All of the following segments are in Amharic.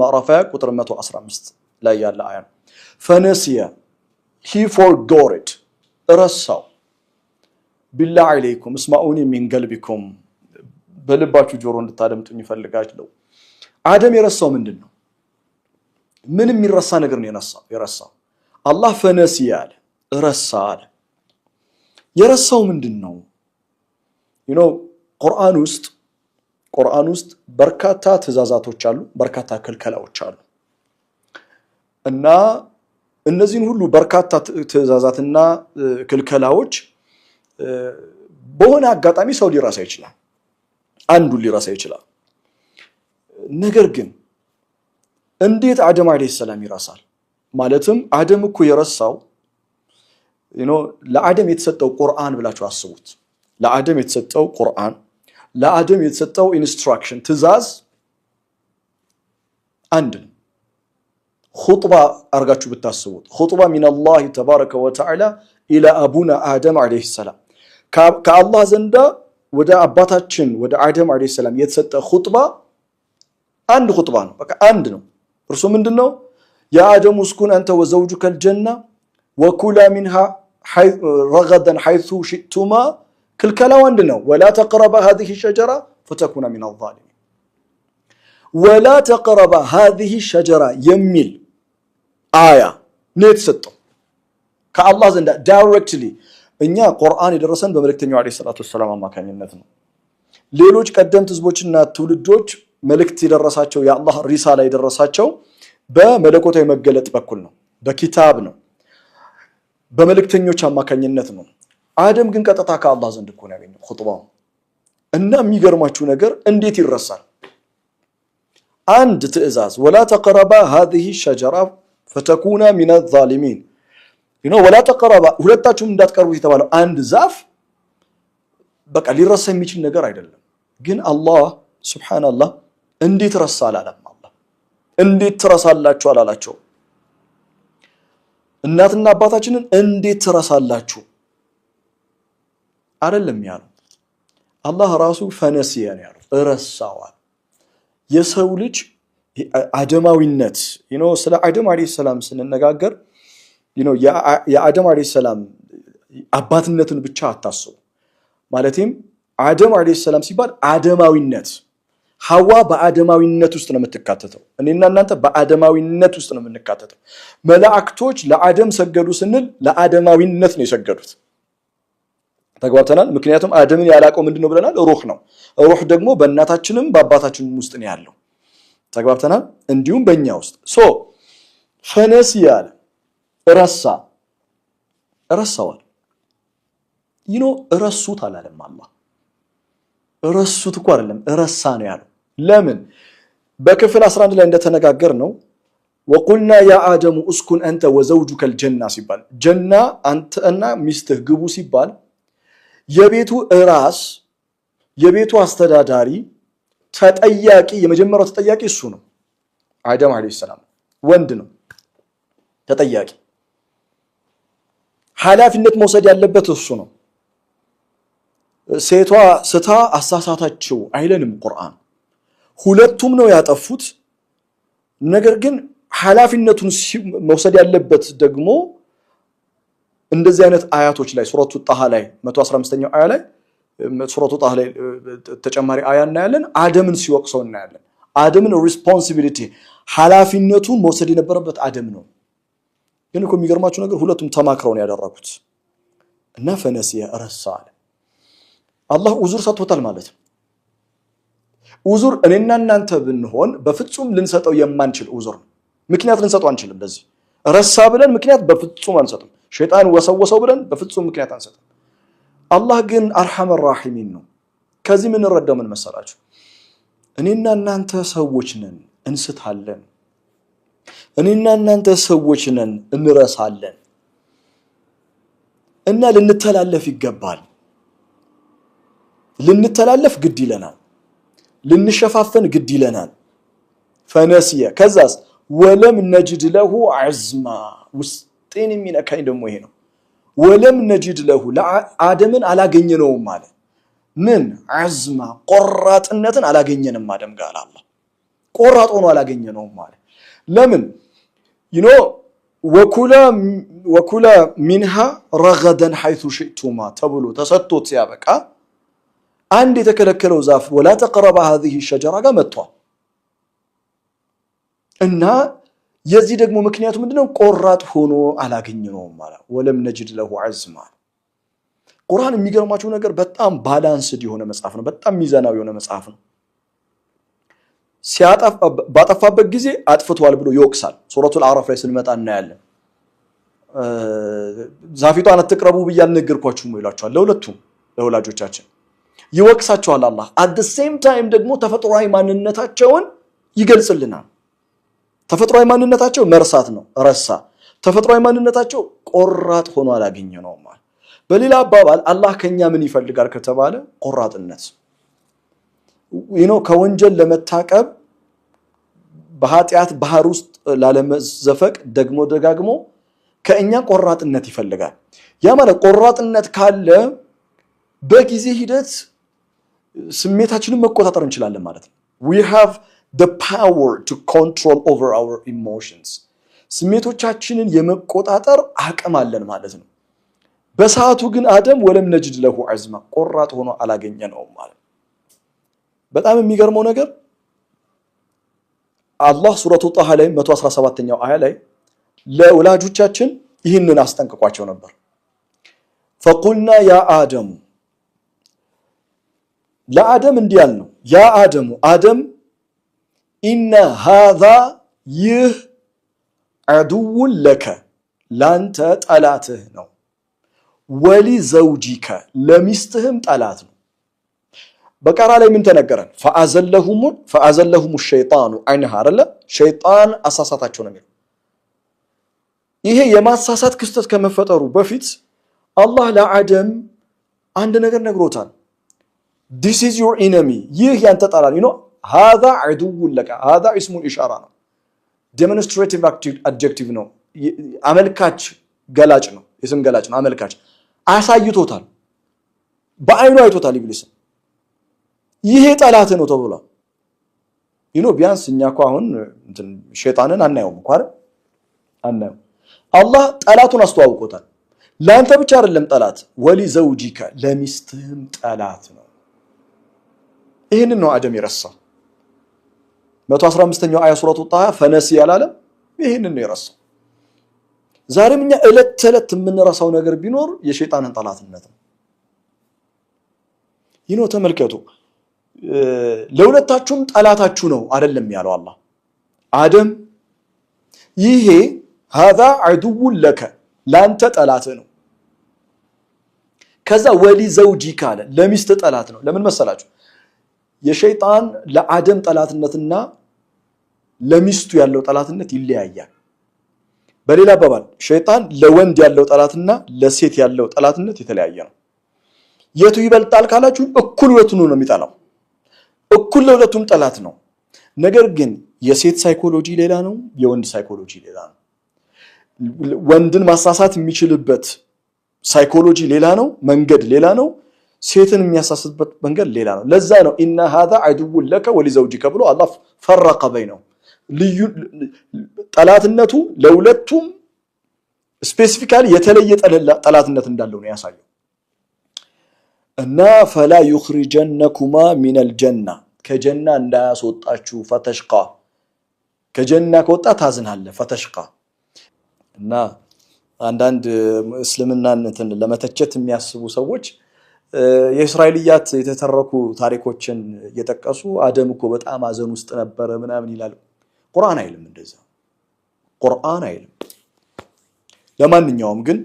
ማዕራፍ ቁጥር 115 ላይ ያለ አያ ነው። ፈነስየ ሂ ፎርጎት እረሳው። ቢላ አለይኩም እስማኡኒ ሚን ገልቢኩም በልባችሁ ጆሮ እንድታደምጡኝ ይፈልጋለሁ። አደም የረሳው ምንድን ነው? ምን የሚረሳ ነገር ነው የረሳው? አላህ ፈነስየ አለ እረሳ አለ። የረሳው ምንድን ነው? ቁርአን ውስጥ ቁርአን ውስጥ በርካታ ትዕዛዛቶች አሉ፣ በርካታ ክልከላዎች አሉ እና እነዚህን ሁሉ በርካታ ትዕዛዛትና ክልከላዎች በሆነ አጋጣሚ ሰው ሊረሳ ይችላል፣ አንዱን ሊረሳ ይችላል። ነገር ግን እንዴት አደም ዓለይሂ ሰላም ይረሳል? ማለትም አደም እኮ የረሳው ለአደም የተሰጠው ቁርአን ብላችሁ አስቡት። ለአደም የተሰጠው ቁርአን ለአደም የተሰጠው ኢንስትራክሽን ትዕዛዝ አንድ ነው። ሁጥባ አርጋችሁ ብታስቡት ሁጥባ ሚነላሂ ተባረከ ወተዓላ ኢላ አቡና አደም ዓለይሂ ሰላም ከአላህ ዘንዳ ወደ አባታችን ወደ አደም ዓለይሂ ሰላም የተሰጠ ሁጥባ አንድ ኹጥባ ነው። በቃ አንድ ነው። እርሱ ምንድን ነው? የአደም ውስኩን አንተ ወዘውጁከል ጀና ወኩላ ሚንሃ ረገደን ሐይሱ ሽቱማ? ክልከላው አንድ ነው። ወላ ተቅረባ ሀዚህ ሸጀራ ፈተኩና ሚን አዛሊሚን። ወላ ተቅረባ ሀዚህ ሸጀራ የሚል አያ ነው የተሰጠው ከአላህ ዘንድ ዳይሬክትሊ። እኛ ቁርአን የደረሰን በመልእክተኛው ዓለይሂ ሰላቱ ወሰላም አማካኝነት ነው። ሌሎች ቀደምት ህዝቦችና ትውልዶች መልእክት የደረሳቸው የአላህ ሪሳላ የደረሳቸው በመለኮታዊ መገለጥ በኩል ነው፣ በኪታብ ነው፣ በመልእክተኞች አማካኝነት ነው። አደም ግን ቀጥታ ከአላህ ዘንድ እኮ ነው ያገኘው ኹጥባው። እና የሚገርማችሁ ነገር እንዴት ይረሳል? አንድ ትዕዛዝ ወላ ተቅረባ ሀዚህ ሸጀራ ፈተኩና ሚነ ዛሊሚን ወላ ተቅረባ፣ ሁለታችሁም እንዳትቀርቡት የተባለው አንድ ዛፍ በቃ ሊረሳ የሚችል ነገር አይደለም። ግን አላህ ሱብሓነላህ እንዴት ረሳ አላለም። አላህ እንዴት ትረሳላችሁ አላላቸው። እናትና አባታችንን እንዴት ትረሳላችሁ አይደለም ያለው። አላህ ራሱ ፈነሲየ ነው ያለው፣ እረሳዋል። የሰው ልጅ አደማዊነት ስለ አደም ዓለይሂ ሰላም ስንነጋገር የአደም ዓለይሂ ሰላም አባትነትን ብቻ አታስቡ። ማለትም አደም ዓለይሂ ሰላም ሲባል አደማዊነት ሐዋ በአደማዊነት ውስጥ ነው የምትካተተው። እኔና እናንተ በአደማዊነት ውስጥ ነው የምንካተተው። መላእክቶች ለአደም ሰገዱ ስንል ለአደማዊነት ነው የሰገዱት። ተግባብተናል። ምክንያቱም አደምን ያላቀው ምንድን ነው ብለናል? ሩህ ነው። ሩህ ደግሞ በእናታችንም በአባታችንም ውስጥ ነው ያለው። ተግባብተናል። እንዲሁም በእኛ ውስጥ ሶ ፈነስ ያለ ረሳ ረሳዋል። ይኖ እረሱት አላለም። አላህ እረሱት እኮ አይደለም እረሳ ነው ያለው። ለምን በክፍል 11 ላይ እንደተነጋገር ነው ወቁልና ያ አደሙ እስኩን አንተ ወዘውጁከል ጀና ሲባል ጀና አንተና ሚስትህ ግቡ ሲባል የቤቱ ራስ የቤቱ አስተዳዳሪ ተጠያቂ፣ የመጀመሪያው ተጠያቂ እሱ ነው። አደም አለ ሰላም ወንድ ነው ተጠያቂ። ኃላፊነት መውሰድ ያለበት እሱ ነው። ሴቷ ስታ አሳሳታቸው አይለንም ቁርአን። ሁለቱም ነው ያጠፉት። ነገር ግን ኃላፊነቱን መውሰድ ያለበት ደግሞ እንደዚህ አይነት አያቶች ላይ ሱረቱ ጣሃ ላይ 115ኛው አያ ላይ ሱረቱ ጣሃ ላይ ተጨማሪ አያ እናያለን። አደምን ሲወቅሰው እናያለን። አደምን ሪስፖንሲቢሊቲ ኃላፊነቱን መውሰድ የነበረበት አደም ነው። ግን እኮ የሚገርማቸው ነገር ሁለቱም ተማክረው ነው ያደረጉት እና ፈነሲየ ረሳ አለ። አላህ ኡዙር ሰጥቶታል ማለት ነው። ኡዙር እኔና እናንተ ብንሆን በፍጹም ልንሰጠው የማንችል ውዙር ነው። ምክንያት ልንሰጠው አንችልም። በዚህ ረሳ ብለን ምክንያት በፍጹም አንሰጥም። ሸይጣን ወሰወሰው ብለን በፍጹም ምክንያት አንሰጥም። አላህ ግን አርሐመ ራሒሚን ነው። ከዚህ የምንረዳው ምን መሰላችሁ? እኔና እናንተ ሰዎች ነን፣ እንስታለን። እኔና እናንተ ሰዎች ነን፣ እንረሳለን እና ልንተላለፍ ይገባል። ልንተላለፍ ግድ ይለናል። ልንሸፋፈን ግድ ይለናል። ፈነስየ ከዛስ ወለም ነጅድ ለሁ ዐዝማ ጤን የሚነካኝ ደግሞ ይሄ ነው። ወለም ነጅድ ለሁ አደምን አላገኘነውም አለ። ምን አዝማ ቆራጥነትን አላገኘንም አደም ጋር አላ ቆራጦ ነው አላገኘነውም አለ። ለምን ይኖ ወኩላ ሚንሃ ረገደን ሐይቱ ሽእቱማ ተብሎ ተሰጥቶት ሲያበቃ አንድ የተከለከለው ዛፍ ወላ ተቀረባ ሀዚህ ሸጀራ ጋር መጥቷል እና የዚህ ደግሞ ምክንያቱ ምንድነው? ቆራጥ ሆኖ አላገኘነውም አለ። ወለም ነጅድ ለሁ ዐዝማ። ቁርአን የሚገርማቸው ነገር በጣም ባላንስድ የሆነ መጽሐፍ ነው። በጣም ሚዛናዊ የሆነ መጽሐፍ ነው። ባጠፋበት ጊዜ አጥፍቷል ብሎ ይወቅሳል። ሱረቱል አዕራፍ ላይ ስንመጣ እናያለን። ዛፊቷን አትቅረቡ ብዬ አልነገርኳችሁም ይሏቸዋል። ለሁለቱም ለወላጆቻችን ይወቅሳቸዋል አላህ። አት ሴም ታይም ደግሞ ተፈጥሯዊ ማንነታቸውን ይገልጽልናል። ተፈጥሯዊ ማንነታቸው መርሳት ነው፣ ረሳ። ተፈጥሯዊ ማንነታቸው ቆራጥ ሆኖ አላገኘ ነው። በሌላ አባባል አላህ ከኛ ምን ይፈልጋል ከተባለ ቆራጥነት ነው። ከወንጀል ለመታቀብ በኃጢአት ባህር ውስጥ ላለመዘፈቅ ደግሞ ደጋግሞ ከእኛ ቆራጥነት ይፈልጋል። ያ ማለት ቆራጥነት ካለ በጊዜ ሂደት ስሜታችንን መቆጣጠር እንችላለን ማለት ነው። the power to control over our emotions ስሜቶቻችንን የመቆጣጠር አቅም አለን ማለት ነው። በሰዓቱ ግን አደም ወለም ነጅድ ለሁ ዐዝማ ቆራጥ ሆኖ አላገኘ ነው ማለት በጣም የሚገርመው ነገር አላህ ሱረቱ ጣሃ ላይ 117ኛው አያ ላይ ለወላጆቻችን ይህንን አስጠንቅቋቸው ነበር። ፈቁልና ያ አደሙ ለአደም እንዲህ ያልነው ያ አደሙ አደም ኢነ ሃዛ ይህ ዐዱውን ለከ ላንተ ጠላትህ ነው። ወሊ ዘውጂከ ለሚስትህም ጠላት ነው። በቀራ ላይ ምን ተነገረን? ፈአዘለሁም ሸይጣኑ አይንሃ አለ ሸይጣን አሳሳታቸው ነው የሚለው ይሄ የማሳሳት ክስተት ከመፈጠሩ በፊት አላህ ለአደም አንድ ነገር ነግሮታል። ዲስ ኢዝ ዮር ኢነሚ ይህ ያንተ ጠላት ነው ሃዛ ዐዱውን ለከ ሃዛ ኢስሙል ኢሻራ ነው። ዴሞንስትሬቲቭ አድጀክቲቭ ነው። አመልካች ገላጭ ነው። የስም ገላጭ ነው። አመልካች አሳይቶታል። በአይኑ አይቶታል። ኢብሊስ ይሄ ጠላት ነው ተብሏል። ይኖ ቢያንስ እኛ እኮ አሁን ሸይጣንን አናየውም እኮ አይደል? አናየውም። አላህ ጠላቱን አስተዋውቆታል። ለአንተ ብቻ አይደለም ጠላት፣ ወሊ ዘውጂከ ለሚስትህም ጠላት ነው። ይህንን ነው አደም የረሳው። 115ኛው አያ ሱረቱ ጣሃ ፈነሲ ያላለም ይህንን ነው የረሳው። ዛሬም እኛ እለት ተዕለት የምንረሳው ነገር ቢኖር የሸይጣንን ጠላትነት ነው። ይህ ነው ተመልከቱ። ለሁለታችሁም ጠላታችሁ ነው አይደለም ያለው አላህ አደም፣ ይሄ ሀዛ አዱውን ለከ ለአንተ ጠላት ነው። ከዛ ወሊ ዘውጂ ካለ ለሚስት ጠላት ነው። ለምን መሰላችሁ? የሸይጣን ለአደም ጠላትነትና ለሚስቱ ያለው ጠላትነት ይለያያል። በሌላ አባባል ሸይጣን ለወንድ ያለው ጠላትና ለሴት ያለው ጠላትነት የተለያየ ነው። የቱ ይበልጣል ካላችሁ እኩል ሁለቱን ነው የሚጠላው። እኩል ለሁለቱም ጠላት ነው። ነገር ግን የሴት ሳይኮሎጂ ሌላ ነው፣ የወንድ ሳይኮሎጂ ሌላ ነው። ወንድን ማሳሳት የሚችልበት ሳይኮሎጂ ሌላ ነው፣ መንገድ ሌላ ነው። ሴትን የሚያሳስበት መንገድ ሌላ ነው። ለዛ ነው ኢና ሃዛ አድውን ለከ ወሊዘውጂከ ብሎ አላህ ፈረቀ ነው። ልዩ ጠላትነቱ ለሁለቱም ስፔሲፊካሊ የተለየ ጠላትነት እንዳለው ነው ያሳየው። እና ፈላ ዩኽሪጀነኩማ ሚነል ጀና ከጀና እንዳያስወጣችሁ ፈተሽቃ ከጀና ከወጣ ታዝናለ ፈተሽቃ እና አንዳንድ እስልምናነትን ለመተቸት የሚያስቡ ሰዎች የእስራኤልያት የተተረኩ ታሪኮችን እየጠቀሱ አደም እኮ በጣም አዘን ውስጥ ነበረ ምናምን ይላሉ። ቁርአን አይልም እንደዛ ቁርአን አይልም። ለማንኛውም ግን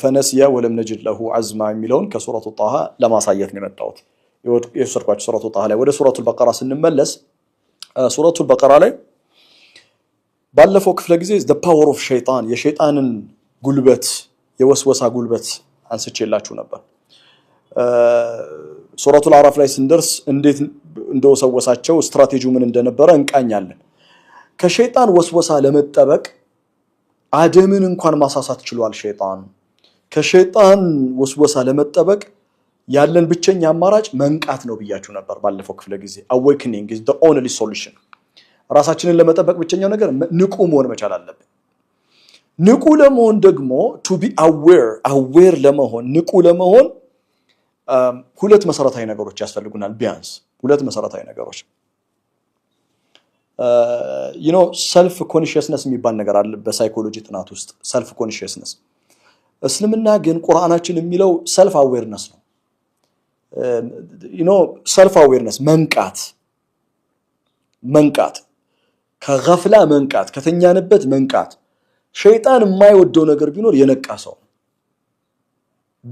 ፈነስያ ወለም ነጅድ ለሁ አዝማ የሚለውን ከሱረቱ ጣሃ ለማሳየት ነው የመጣሁት። የወሰድኳቸው ሱረቱ ጣሃ ላይ ወደ ሱረቱል በቀራ ስንመለስ ሱረቱል በቀራ ላይ ባለፈው ክፍለ ጊዜ ዘ ፓወር ኦፍ ሸይጣን የሸይጣንን ጉልበት የወስወሳ ጉልበት አንስቼላችሁ ነበር። ሱረቱል አራፍ ላይ ስንደርስ እንዴት እንደወሰወሳቸው ስትራቴጂው ምን እንደነበረ እንቃኛለን። ከሸይጣን ወስወሳ ለመጠበቅ አደምን እንኳን ማሳሳት ችሏል። ሸይጣን ከሸይጣን ወስወሳ ለመጠበቅ ያለን ብቸኛ አማራጭ መንቃት ነው ብያችሁ ነበር ባለፈው ክፍለ ጊዜ። አዌክኒንግ ኢዝ ዘ ኦንሊ ሶሉሽን። ራሳችንን ለመጠበቅ ብቸኛው ነገር ንቁ መሆን መቻል አለብን። ንቁ ለመሆን ደግሞ ቱ ቢ አዌር አዌር ለመሆን ንቁ ለመሆን ሁለት መሰረታዊ ነገሮች ያስፈልጉናል። ቢያንስ ሁለት መሰረታዊ ነገሮች ዩኖ ሰልፍ ኮንሽስነስ የሚባል ነገር አለ በሳይኮሎጂ ጥናት ውስጥ ሰልፍ ኮንሽስነስ። እስልምና ግን ቁርአናችን የሚለው ሰልፍ አዌርነስ ነው። ዩኖ ሰልፍ አዌርነስ መንቃት መንቃት ከገፍላ መንቃት ከተኛንበት መንቃት። ሸይጣን የማይወደው ነገር ቢኖር የነቃ ሰው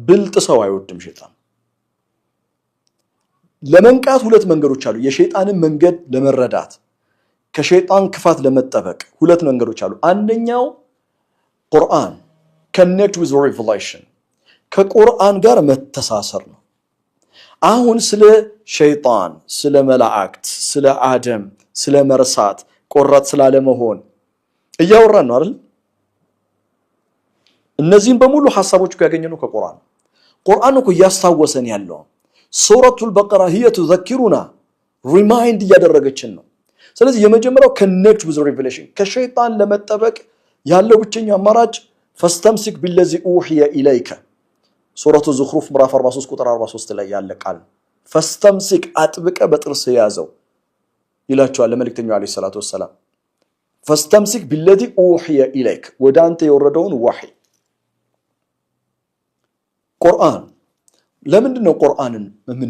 ብልጥ ሰው አይወድም ሸይጣን። ለመንቃት ሁለት መንገዶች አሉ። የሸይጣንን መንገድ ለመረዳት ከሸይጣን ክፋት ለመጠበቅ ሁለት መንገዶች አሉ። አንደኛው ቁርአን ከኔክት ዊዝ ሪቨሌሽን ከቁርአን ጋር መተሳሰር ነው። አሁን ስለ ሸይጣን፣ ስለ መላእክት፣ ስለ አደም፣ ስለ መርሳት፣ ቆራጥ ስላለመሆን እያወራን ነው አይደል? እነዚህም በሙሉ ሀሳቦች ነው ከቁርአን። ቁርአን እኮ እያስታወሰን ያለው ሱረቱል በቀራ ህየ ቱዘኪሩና ሪማይንድ እያደረገችን ነው ስለዚህ የመጀመሪያው ከኔክድ ዊዝ ሪቨሌሽን ከሸይጣን ለመጠበቅ ያለው ብቸኛ አማራጭ ፈስተምሲክ ቢለዚ ኡሕየ ኢለይከ ሱረቱ ዙኽሩፍ ምዕራፍ 43 ቁጥር 43 ላይ ያለ ቃል ፈስተምሲክ አጥብቀ በጥርስ የያዘው ይላቸዋል ለመልእክተኛው ዓለይሂ ሰላቱ ወሰላም። ፈስተምሲክ ቢለዚ ኡሕየ ኢለይክ ወደ አንተ የወረደውን ዋሕይ ቁርአን። ለምንድን ነው ቁርአንን